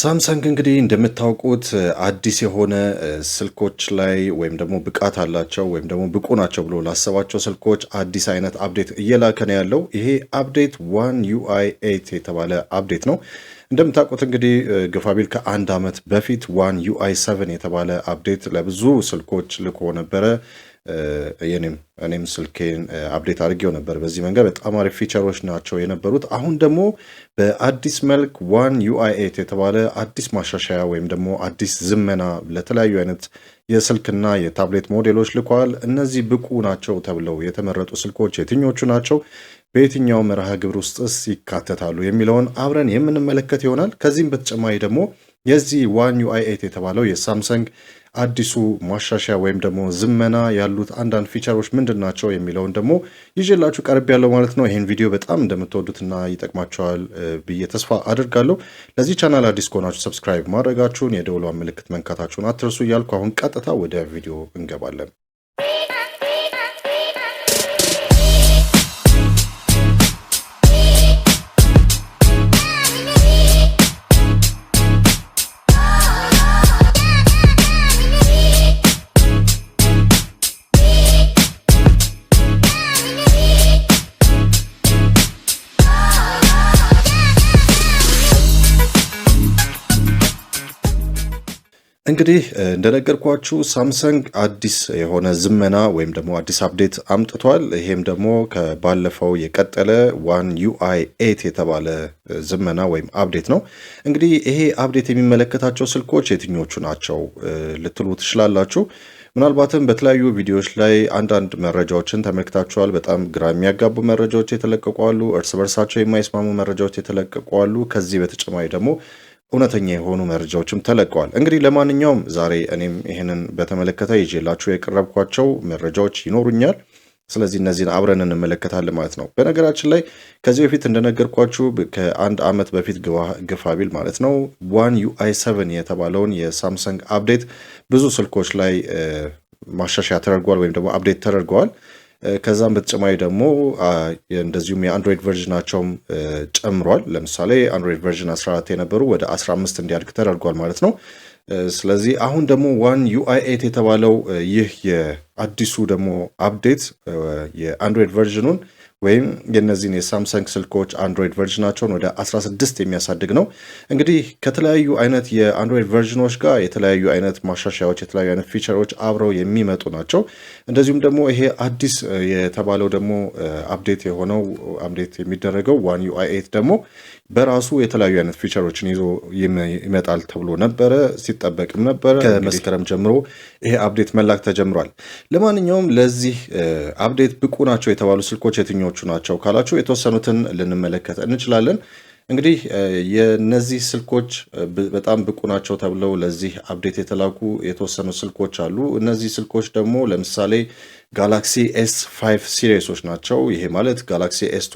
ሳምሰንግ እንግዲህ እንደምታውቁት አዲስ የሆነ ስልኮች ላይ ወይም ደግሞ ብቃት አላቸው ወይም ደግሞ ብቁ ናቸው ብሎ ላሰባቸው ስልኮች አዲስ አይነት አፕዴት እየላከ ነው ያለው። ይሄ አፕዴት ዋን ዩአይ ኤት የተባለ አፕዴት ነው። እንደምታውቁት እንግዲህ ግፋቢል ከአንድ ዓመት በፊት ዋን ዩአይ ሰቨን የተባለ አፕዴት ለብዙ ስልኮች ልኮ ነበረ። እኔም ስልኬን አፕዴት አድርጌው ነበር። በዚህ መንገድ በጣም አሪፍ ፊቸሮች ናቸው የነበሩት። አሁን ደግሞ በአዲስ መልክ ዋን ዩአይ ኤት የተባለ አዲስ ማሻሻያ ወይም ደግሞ አዲስ ዝመና ለተለያዩ አይነት የስልክና የታብሌት ሞዴሎች ልኳል። እነዚህ ብቁ ናቸው ተብለው የተመረጡ ስልኮች የትኞቹ ናቸው? በየትኛው መርሃ ግብር ውስጥስ ይካተታሉ? የሚለውን አብረን የምንመለከት ይሆናል። ከዚህም በተጨማሪ ደግሞ የዚህ ዋን ዩአይ ኤት የተባለው የሳምሰንግ አዲሱ ማሻሻያ ወይም ደግሞ ዝመና ያሉት አንዳንድ ፊቸሮች ምንድን ናቸው የሚለውን ደግሞ ይዤላችሁ ቀርብ ያለው ማለት ነው። ይህን ቪዲዮ በጣም እንደምትወዱትና ይጠቅማቸዋል ብዬ ተስፋ አድርጋለሁ። ለዚህ ቻናል አዲስ ከሆናችሁ ሰብስክራይብ ማድረጋችሁን፣ የደውሏን ምልክት መንካታችሁን አትርሱ እያልኩ አሁን ቀጥታ ወደ ቪዲዮ እንገባለን። እንግዲህ እንደነገርኳችሁ ሳምሰንግ አዲስ የሆነ ዝመና ወይም ደግሞ አዲስ አፕዴት አምጥቷል። ይሄም ደግሞ ከባለፈው የቀጠለ ዋን ዩአይ ኤት የተባለ ዝመና ወይም አፕዴት ነው። እንግዲህ ይሄ አፕዴት የሚመለከታቸው ስልኮች የትኞቹ ናቸው ልትሉ ትችላላችሁ። ምናልባትም በተለያዩ ቪዲዮዎች ላይ አንዳንድ መረጃዎችን ተመልክታችኋል። በጣም ግራ የሚያጋቡ መረጃዎች የተለቀቁ አሉ። እርስ በርሳቸው የማይስማሙ መረጃዎች የተለቀቁ አሉ። ከዚህ በተጨማሪ ደግሞ እውነተኛ የሆኑ መረጃዎችም ተለቀዋል። እንግዲህ ለማንኛውም ዛሬ እኔም ይህንን በተመለከተ ይዤላችሁ የቀረብኳቸው መረጃዎች ይኖሩኛል። ስለዚህ እነዚህን አብረን እንመለከታለን ማለት ነው። በነገራችን ላይ ከዚህ በፊት እንደነገርኳችሁ ከአንድ ዓመት በፊት ግፋቢል ማለት ነው ዋን ዩአይ ሰቨን የተባለውን የሳምሰንግ አፕዴት ብዙ ስልኮች ላይ ማሻሻያ ተደርጓል ወይም ደግሞ አፕዴት ተደርገዋል። ከዛም በተጨማሪ ደግሞ እንደዚሁም የአንድሮይድ ቨርዥናቸውም ጨምሯል። ለምሳሌ አንድሮይድ ቨርዥን 14 የነበሩ ወደ 15 እንዲያድግ ተደርጓል ማለት ነው። ስለዚህ አሁን ደግሞ ዋን ዩአይ ኤት የተባለው ይህ የአዲሱ ደግሞ አፕዴት የአንድሮይድ ቨርዥኑን ወይም የነዚህን የሳምሰንግ ስልኮች አንድሮይድ ቨርዥናቸውን ወደ 16 የሚያሳድግ ነው። እንግዲህ ከተለያዩ አይነት የአንድሮይድ ቨርዥኖች ጋር የተለያዩ አይነት ማሻሻያዎች፣ የተለያዩ አይነት ፊቸሮች አብረው የሚመጡ ናቸው። እንደዚሁም ደግሞ ይሄ አዲስ የተባለው ደግሞ አፕዴት uh, የሆነው አፕዴት uh, የሚደረገው ዋን ዩአይ ኤት ደግሞ በራሱ የተለያዩ አይነት ፊቸሮችን ይዞ ይመጣል ተብሎ ነበረ ሲጠበቅም ነበረ። ከመስከረም ጀምሮ ይሄ አፕዴት መላክ ተጀምሯል። ለማንኛውም ለዚህ አፕዴት ብቁ ናቸው የተባሉ ስልኮች የትኞቹ ናቸው ካላችሁ የተወሰኑትን ልንመለከት እንችላለን። እንግዲህ የነዚህ ስልኮች በጣም ብቁ ናቸው ተብለው ለዚህ አፕዴት የተላኩ የተወሰኑ ስልኮች አሉ። እነዚህ ስልኮች ደግሞ ለምሳሌ ጋላክሲ ኤስ 5 ሲሪሶች ናቸው። ይሄ ማለት ጋላክሲ ኤስ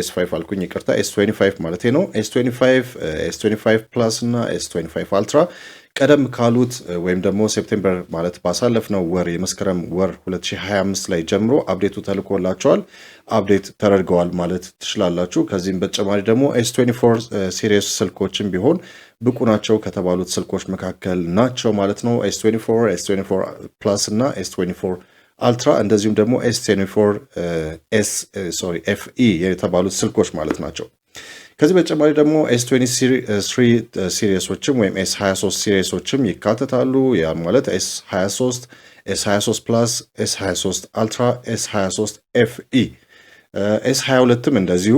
ኤስ ፋይቭ አልኩኝ ይቅርታ፣ ኤስ ትዌንቲ ፋይቭ ማለት ነው። ኤስ ትዌንቲ ፋይቭ፣ ኤስ ትዌንቲ ፋይቭ ፕላስ እና ኤስ ትዌንቲ ፋይቭ አልትራ ቀደም ካሉት ወይም ደግሞ ሴፕቴምበር ማለት ባሳለፍነው ወር የመስከረም ወር 2025 ላይ ጀምሮ አፕዴቱ ተልኮላቸዋል። አፕዴት ተደርገዋል ማለት ትችላላችሁ። ከዚህም በተጨማሪ ደግሞ ኤስ 24 ሲሪየስ ስልኮችም ቢሆን ብቁ ናቸው ከተባሉት ስልኮች መካከል ናቸው ማለት ነው። ኤስ 24፣ ኤስ 24 ፕላስ እና ኤስ 24 አልትራ እንደዚሁም ደግሞ ኤስ ቴኒፎር ኤስ ሶሪ የተባሉት ስልኮች ማለት ናቸው። ከዚህ በተጨማሪ ደግሞ ኤስ 23 ሲሪየሶችም ወይም ኤስ 23 ሲሪየሶችም ይካተታሉ። ያ ማለት ኤስ 23፣ ኤስ 23 ፕላስ፣ ኤስ 23 አልትራ፣ ኤስ 23 ኤፍኢ ኤስ 22ም እንደዚሁ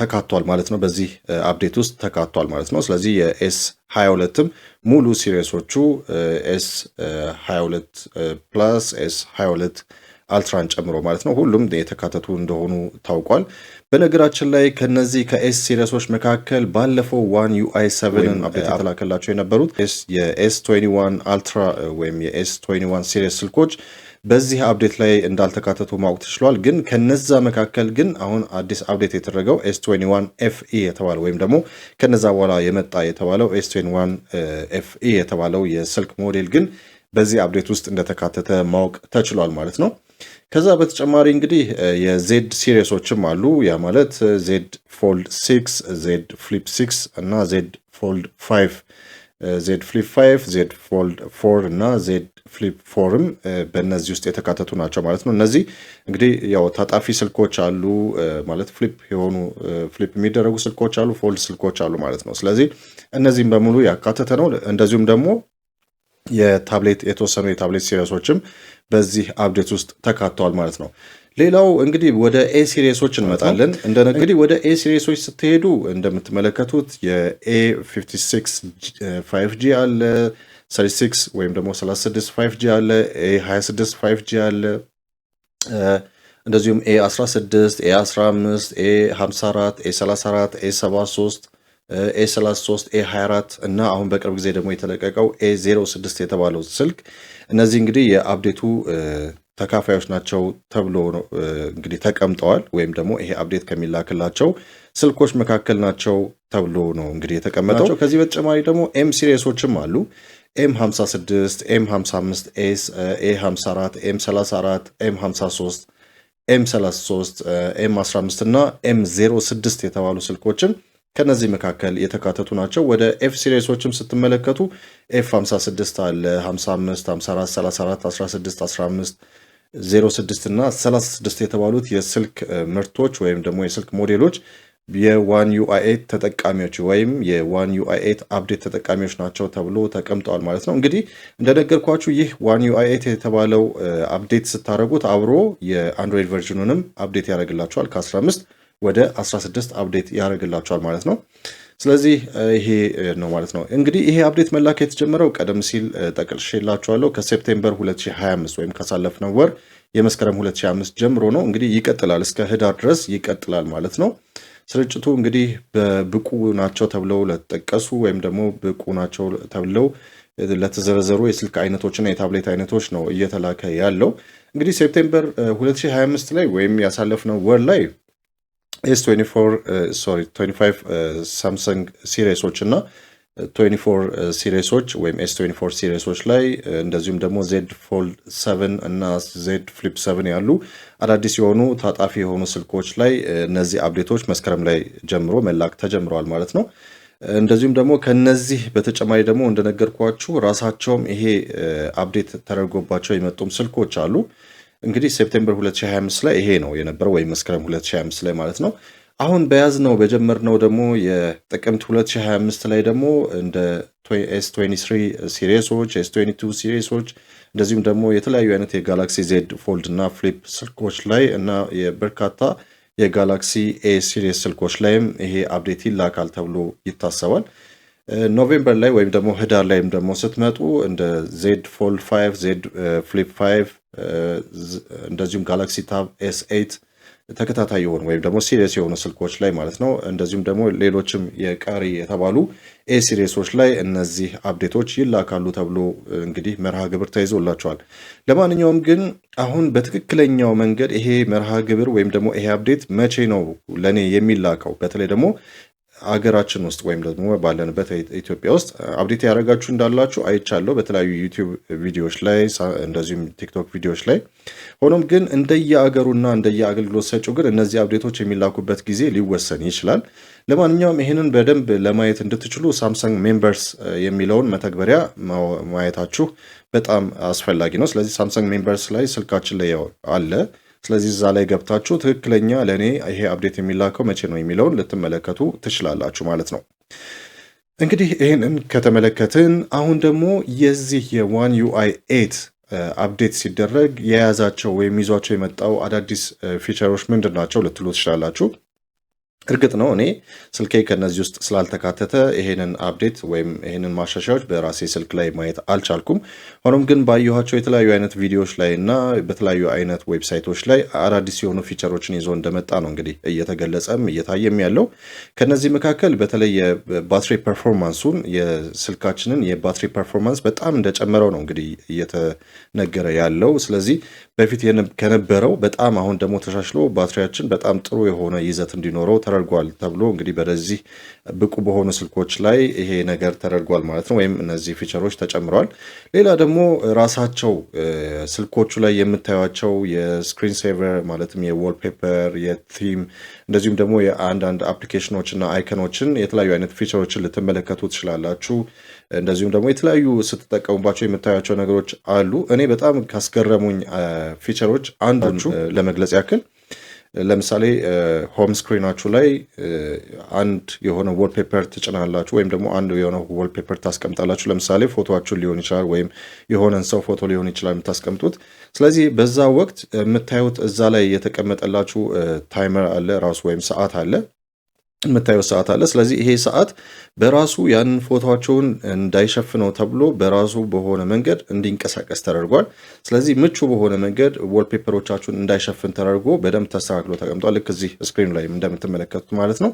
ተካቷል ማለት ነው። በዚህ አፕዴት ውስጥ ተካቷል ማለት ነው። ስለዚህ የኤስ 22ም ሙሉ ሲሪየሶቹ ኤስ 22 ፕላስ ኤስ 22 አልትራን ጨምሮ ማለት ነው ሁሉም የተካተቱ እንደሆኑ ታውቋል። በነገራችን ላይ ከነዚህ ከኤስ ሲሪሶች መካከል ባለፈው ዋን ዩአይ ሰቨንን አፕዴት የተላከላቸው የነበሩት የኤስ 21 አልትራ ወይም የኤስ 21 ሲሪስ ስልኮች በዚህ አፕዴት ላይ እንዳልተካተቱ ማወቅ ተችሏል። ግን ከነዛ መካከል ግን አሁን አዲስ አፕዴት የተደረገው ኤስ 21 ኤፍኢ የተባለው ወይም ደግሞ ከነዛ በኋላ የመጣ የተባለው ኤስ 21 ኤፍኢ የተባለው የስልክ ሞዴል ግን በዚህ አፕዴት ውስጥ እንደተካተተ ማወቅ ተችሏል ማለት ነው። ከዛ በተጨማሪ እንግዲህ የዜድ ሲሪየሶችም አሉ። ያ ማለት ዜድ ፎልድ 6፣ ዜድ ፍሊፕ 6 እና ዜድ ፎልድ 5፣ ዜድ ፍሊፕ 5 ዜድ ፎልድ 4 እና ዜድ ፍሊፕ 4ም በእነዚህ ውስጥ የተካተቱ ናቸው ማለት ነው። እነዚህ እንግዲህ ያው ታጣፊ ስልኮች አሉ ማለት ፍሊፕ የሆኑ ፍሊፕ የሚደረጉ ስልኮች አሉ፣ ፎልድ ስልኮች አሉ ማለት ነው። ስለዚህ እነዚህም በሙሉ ያካተተ ነው። እንደዚሁም ደግሞ የታብሌት የተወሰኑ የታብሌት ሲሪየሶችም በዚህ አብዴት ውስጥ ተካተዋል ማለት ነው። ሌላው እንግዲህ ወደ ኤ ሲሪየሶች እንመጣለን። እንግዲህ ወደ ኤ ሲሪየሶች ስትሄዱ እንደምትመለከቱት የኤ 56 5ጂ አለ 36 ወይም ደግሞ 36 5ጂ አለ ኤ 26 5ጂ አለ እንደዚሁም ኤ 16 ኤ 15 ኤ 54 ኤ 34 ኤ 73 ኤ 33 ኤ 24 እና አሁን በቅርብ ጊዜ ደግሞ የተለቀቀው ኤ 06 የተባለው ስልክ እነዚህ እንግዲህ የአብዴቱ ተካፋዮች ናቸው ተብሎ እንግዲህ ተቀምጠዋል ወይም ደግሞ ይሄ አብዴት ከሚላክላቸው ስልኮች መካከል ናቸው ተብሎ ነው እንግዲህ የተቀመጠው። ከዚህ በተጨማሪ ደግሞ ኤም ሲሪየሶችም አሉ። ኤም 56፣ ኤም 55 ኤስ፣ ኤ 54፣ ኤም 34፣ ኤም 53፣ ኤም 33፣ ኤም 15 እና ኤም 06 የተባሉ ስልኮችን ከነዚህ መካከል የተካተቱ ናቸው። ወደ ኤፍ ሲሪሶችም ስትመለከቱ ኤፍ 56 አለ 55፣ 54፣ 34፣ 16፣ 15፣ 06 እና 36 የተባሉት የስልክ ምርቶች ወይም ደግሞ የስልክ ሞዴሎች የዋን ዩአኤት ተጠቃሚዎች ወይም የዋን ዩአኤት አፕዴት ተጠቃሚዎች ናቸው ተብሎ ተቀምጠዋል ማለት ነው። እንግዲህ እንደነገርኳችሁ ይህ ዋን ዩአይኤት የተባለው አፕዴት ስታደረጉት አብሮ የአንድሮይድ ቨርዥኑንም አፕዴት ያደርግላችኋል ከ15 ወደ 16 አፕዴት ያደርግላቸዋል ማለት ነው። ስለዚህ ይሄ ነው ማለት ነው። እንግዲህ ይሄ አፕዴት መላክ የተጀመረው ቀደም ሲል ጠቅልሼላችኋለሁ ከሴፕቴምበር 2025 ወይም ካሳለፍነው ወር የመስከረም 2025 ጀምሮ ነው። እንግዲህ ይቀጥላል፣ እስከ ህዳር ድረስ ይቀጥላል ማለት ነው። ስርጭቱ እንግዲህ በብቁ ናቸው ተብለው ለተጠቀሱ ወይም ደግሞ ብቁ ናቸው ተብለው ለተዘረዘሩ የስልክ አይነቶችና የታብሌት አይነቶች ነው እየተላከ ያለው። እንግዲህ ሴፕቴምበር 2025 ላይ ወይም ያሳለፍነው ወር ላይ ኤስ 24 ሶሪ 25 ሳምሰንግ ሲሪሶች እና 24 uh, ሲሪሶች uh, ወይም ኤስ 24 ሲሪሶች ላይ uh, እንደዚሁም ደግሞ ዜድ ፎልድ 7 እና ዜድ ፍሊፕ 7 ያሉ አዳዲስ የሆኑ ታጣፊ የሆኑ ስልኮች ላይ እነዚህ አብዴቶች መስከረም ላይ ጀምሮ መላክ ተጀምረዋል ማለት ነው። እንደዚሁም ደግሞ ከነዚህ በተጨማሪ ደግሞ እንደነገርኳችሁ ራሳቸውም ይሄ አብዴት ተደርጎባቸው የመጡም ስልኮች አሉ። እንግዲህ ሴፕቴምበር 2025 ላይ ይሄ ነው የነበረው ወይም መስከረም 2025 ላይ ማለት ነው። አሁን በያዝነው በጀመርነው ደግሞ የጥቅምት 2025 ላይ ደግሞ እንደ ኤስ 23 ሲሪሶች ኤስ 22 ሲሪሶች እንደዚሁም ደግሞ የተለያዩ አይነት የጋላክሲ ዜድ ፎልድ እና ፍሊፕ ስልኮች ላይ እና የበርካታ የጋላክሲ ኤ ሲሪስ ስልኮች ላይም ይሄ አፕዴት ይላካል ተብሎ ይታሰባል። ኖቬምበር ላይ ወይም ደግሞ ህዳር ላይም ደግሞ ስትመጡ እንደ ዜድ ፎልድ 5 ዜድ ፍሊፕ እንደዚሁም ጋላክሲ ታብ ኤስ ኤይት ተከታታይ የሆኑ ወይም ደግሞ ሲሪየስ የሆኑ ስልኮች ላይ ማለት ነው። እንደዚሁም ደግሞ ሌሎችም የቀሪ የተባሉ ኤ ሲሪየሶች ላይ እነዚህ አፕዴቶች ይላካሉ ተብሎ እንግዲህ መርሃ ግብር ተይዞላቸዋል። ለማንኛውም ግን አሁን በትክክለኛው መንገድ ይሄ መርሃ ግብር ወይም ደግሞ ይሄ አፕዴት መቼ ነው ለእኔ የሚላከው? በተለይ ደግሞ አገራችን ውስጥ ወይም ደግሞ ባለንበት ኢትዮጵያ ውስጥ አብዴት ያደረጋችሁ እንዳላችሁ አይቻለሁ በተለያዩ ዩቲዩብ ቪዲዮዎች ላይ እንደዚሁም ቲክቶክ ቪዲዮዎች ላይ። ሆኖም ግን እንደየአገሩና እንደየአገልግሎት ሰጪው ግን እነዚህ አብዴቶች የሚላኩበት ጊዜ ሊወሰን ይችላል። ለማንኛውም ይህንን በደንብ ለማየት እንድትችሉ ሳምሰንግ ሜምበርስ የሚለውን መተግበሪያ ማየታችሁ በጣም አስፈላጊ ነው። ስለዚህ ሳምሰንግ ሜምበርስ ላይ ስልካችን ላይ አለ ስለዚህ እዛ ላይ ገብታችሁ ትክክለኛ ለእኔ ይሄ አፕዴት የሚላከው መቼ ነው የሚለውን ልትመለከቱ ትችላላችሁ ማለት ነው። እንግዲህ ይህንን ከተመለከትን አሁን ደግሞ የዚህ የዋን ዩአይ ኤት አፕዴት ሲደረግ የያዛቸው ወይም ይዟቸው የመጣው አዳዲስ ፊቸሮች ምንድን ናቸው ልትሉ ትችላላችሁ። እርግጥ ነው እኔ ስልኬ ከነዚህ ውስጥ ስላልተካተተ ይሄንን አፕዴት ወይም ይሄንን ማሻሻያዎች በራሴ ስልክ ላይ ማየት አልቻልኩም። ሆኖም ግን ባየኋቸው የተለያዩ አይነት ቪዲዮዎች ላይ እና በተለያዩ አይነት ዌብሳይቶች ላይ አዳዲስ የሆኑ ፊቸሮችን ይዞ እንደመጣ ነው እንግዲህ እየተገለጸም እየታየም ያለው። ከነዚህ መካከል በተለይ የባትሪ ፐርፎርማንሱን የስልካችንን የባትሪ ፐርፎርማንስ በጣም እንደጨመረው ነው እንግዲህ እየተነገረ ያለው። ስለዚህ በፊት ከነበረው በጣም አሁን ደግሞ ተሻሽሎ ባትሪያችን በጣም ጥሩ የሆነ ይዘት እንዲኖረው ተደርጓል ተብሎ እንግዲህ በዚህ ብቁ በሆኑ ስልኮች ላይ ይሄ ነገር ተደርጓል ማለት ነው፣ ወይም እነዚህ ፊቸሮች ተጨምረዋል። ሌላ ደግሞ ራሳቸው ስልኮቹ ላይ የምታዩቸው የስክሪን ሴቨር ማለትም ፔፐር የቲም እንደዚሁም ደግሞ የአንዳንድ አፕሊኬሽኖች እና አይከኖችን የተለያዩ አይነት ፊቸሮችን ልትመለከቱ ትችላላችሁ። እንደዚሁም ደግሞ የተለያዩ ስትጠቀሙባቸው የምታዩቸው ነገሮች አሉ። እኔ በጣም ካስገረሙኝ ፊቸሮች አንዱ ለመግለጽ ያክል ለምሳሌ ሆም ስክሪናችሁ ላይ አንድ የሆነ ወልፔፐር ትጭናላችሁ ወይም ደግሞ አንድ የሆነ ወልፔፐር ታስቀምጣላችሁ። ለምሳሌ ፎቶችሁን ሊሆን ይችላል ወይም የሆነን ሰው ፎቶ ሊሆን ይችላል የምታስቀምጡት። ስለዚህ በዛ ወቅት የምታዩት እዛ ላይ የተቀመጠላችሁ ታይመር አለ ራሱ ወይም ሰዓት አለ። የምታየው ሰዓት አለ። ስለዚህ ይሄ ሰዓት በራሱ ያንን ፎቶቸውን እንዳይሸፍነው ተብሎ በራሱ በሆነ መንገድ እንዲንቀሳቀስ ተደርጓል። ስለዚህ ምቹ በሆነ መንገድ ወልፔፐሮቻችሁን እንዳይሸፍን ተደርጎ በደንብ ተስተካክሎ ተቀምጧል። ልክ እዚህ ስክሪኑ ላይ እንደምትመለከቱት ማለት ነው።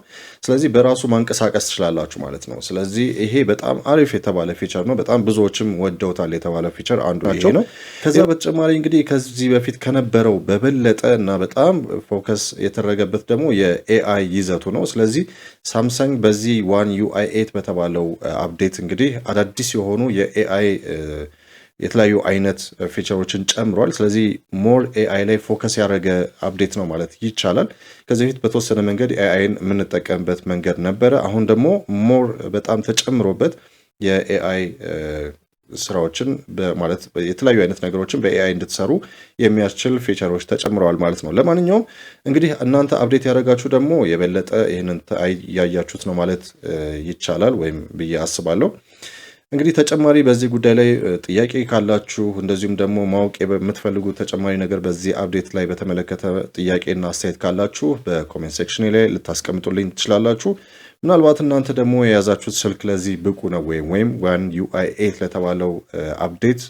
ስለዚህ በራሱ ማንቀሳቀስ ትችላላችሁ ማለት ነው። ስለዚህ ይሄ በጣም አሪፍ የተባለ ፊቸር ነው። በጣም ብዙዎችም ወደውታል የተባለ ፊቸር አንዱ ይሄ ነው። ከዚያ በተጨማሪ እንግዲህ ከዚህ በፊት ከነበረው በበለጠ እና በጣም ፎከስ የተደረገበት ደግሞ የኤአይ ይዘቱ ነው። ስለዚህ ስለዚህ ሳምሰንግ በዚህ ዋን ዩአይ ኤት በተባለው አፕዴት እንግዲህ አዳዲስ የሆኑ የኤአይ የተለያዩ አይነት ፊቸሮችን ጨምሯል። ስለዚህ ሞር ኤአይ ላይ ፎከስ ያደረገ አፕዴት ነው ማለት ይቻላል። ከዚህ በፊት በተወሰነ መንገድ ኤአይን የምንጠቀምበት መንገድ ነበረ። አሁን ደግሞ ሞር በጣም ተጨምሮበት የኤአይ ስራዎችን ማለት የተለያዩ አይነት ነገሮችን በኤአይ እንድትሰሩ የሚያስችል ፊቸሮች ተጨምረዋል ማለት ነው። ለማንኛውም እንግዲህ እናንተ አብዴት ያደረጋችሁ ደግሞ የበለጠ ይህንን ያያችሁት ነው ማለት ይቻላል ወይም ብዬ አስባለሁ። እንግዲህ ተጨማሪ በዚህ ጉዳይ ላይ ጥያቄ ካላችሁ እንደዚሁም ደግሞ ማወቅ የምትፈልጉ ተጨማሪ ነገር በዚህ አብዴት ላይ በተመለከተ ጥያቄና አስተያየት ካላችሁ በኮሜንት ሴክሽን ላይ ልታስቀምጡልኝ ትችላላችሁ። ምናልባት እናንተ ደግሞ የያዛችሁት ስልክ ለዚህ ብቁ ነው ወይም ወይም ዋን ዩአይ ኤት ለተባለው አፕዴት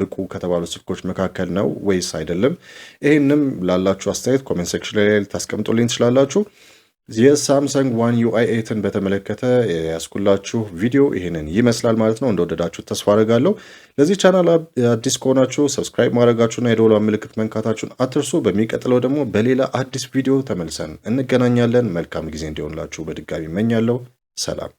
ብቁ ከተባሉ ስልኮች መካከል ነው ወይስ አይደለም? ይህንም ላላችሁ አስተያየት ኮሜንት ሴክሽን ላይ ታስቀምጡልኝ ትችላላችሁ። የሳምሰንግ ዋን ዩአይ ኤትን በተመለከተ ያስኩላችሁ ቪዲዮ ይህንን ይመስላል ማለት ነው። እንደወደዳችሁ ተስፋ አደርጋለሁ። ለዚህ ቻናል አዲስ ከሆናችሁ ሰብስክራይብ ማድረጋችሁና የደወሏን ምልክት መንካታችሁን አትርሱ። በሚቀጥለው ደግሞ በሌላ አዲስ ቪዲዮ ተመልሰን እንገናኛለን። መልካም ጊዜ እንዲሆንላችሁ በድጋሚ እመኛለሁ። ሰላም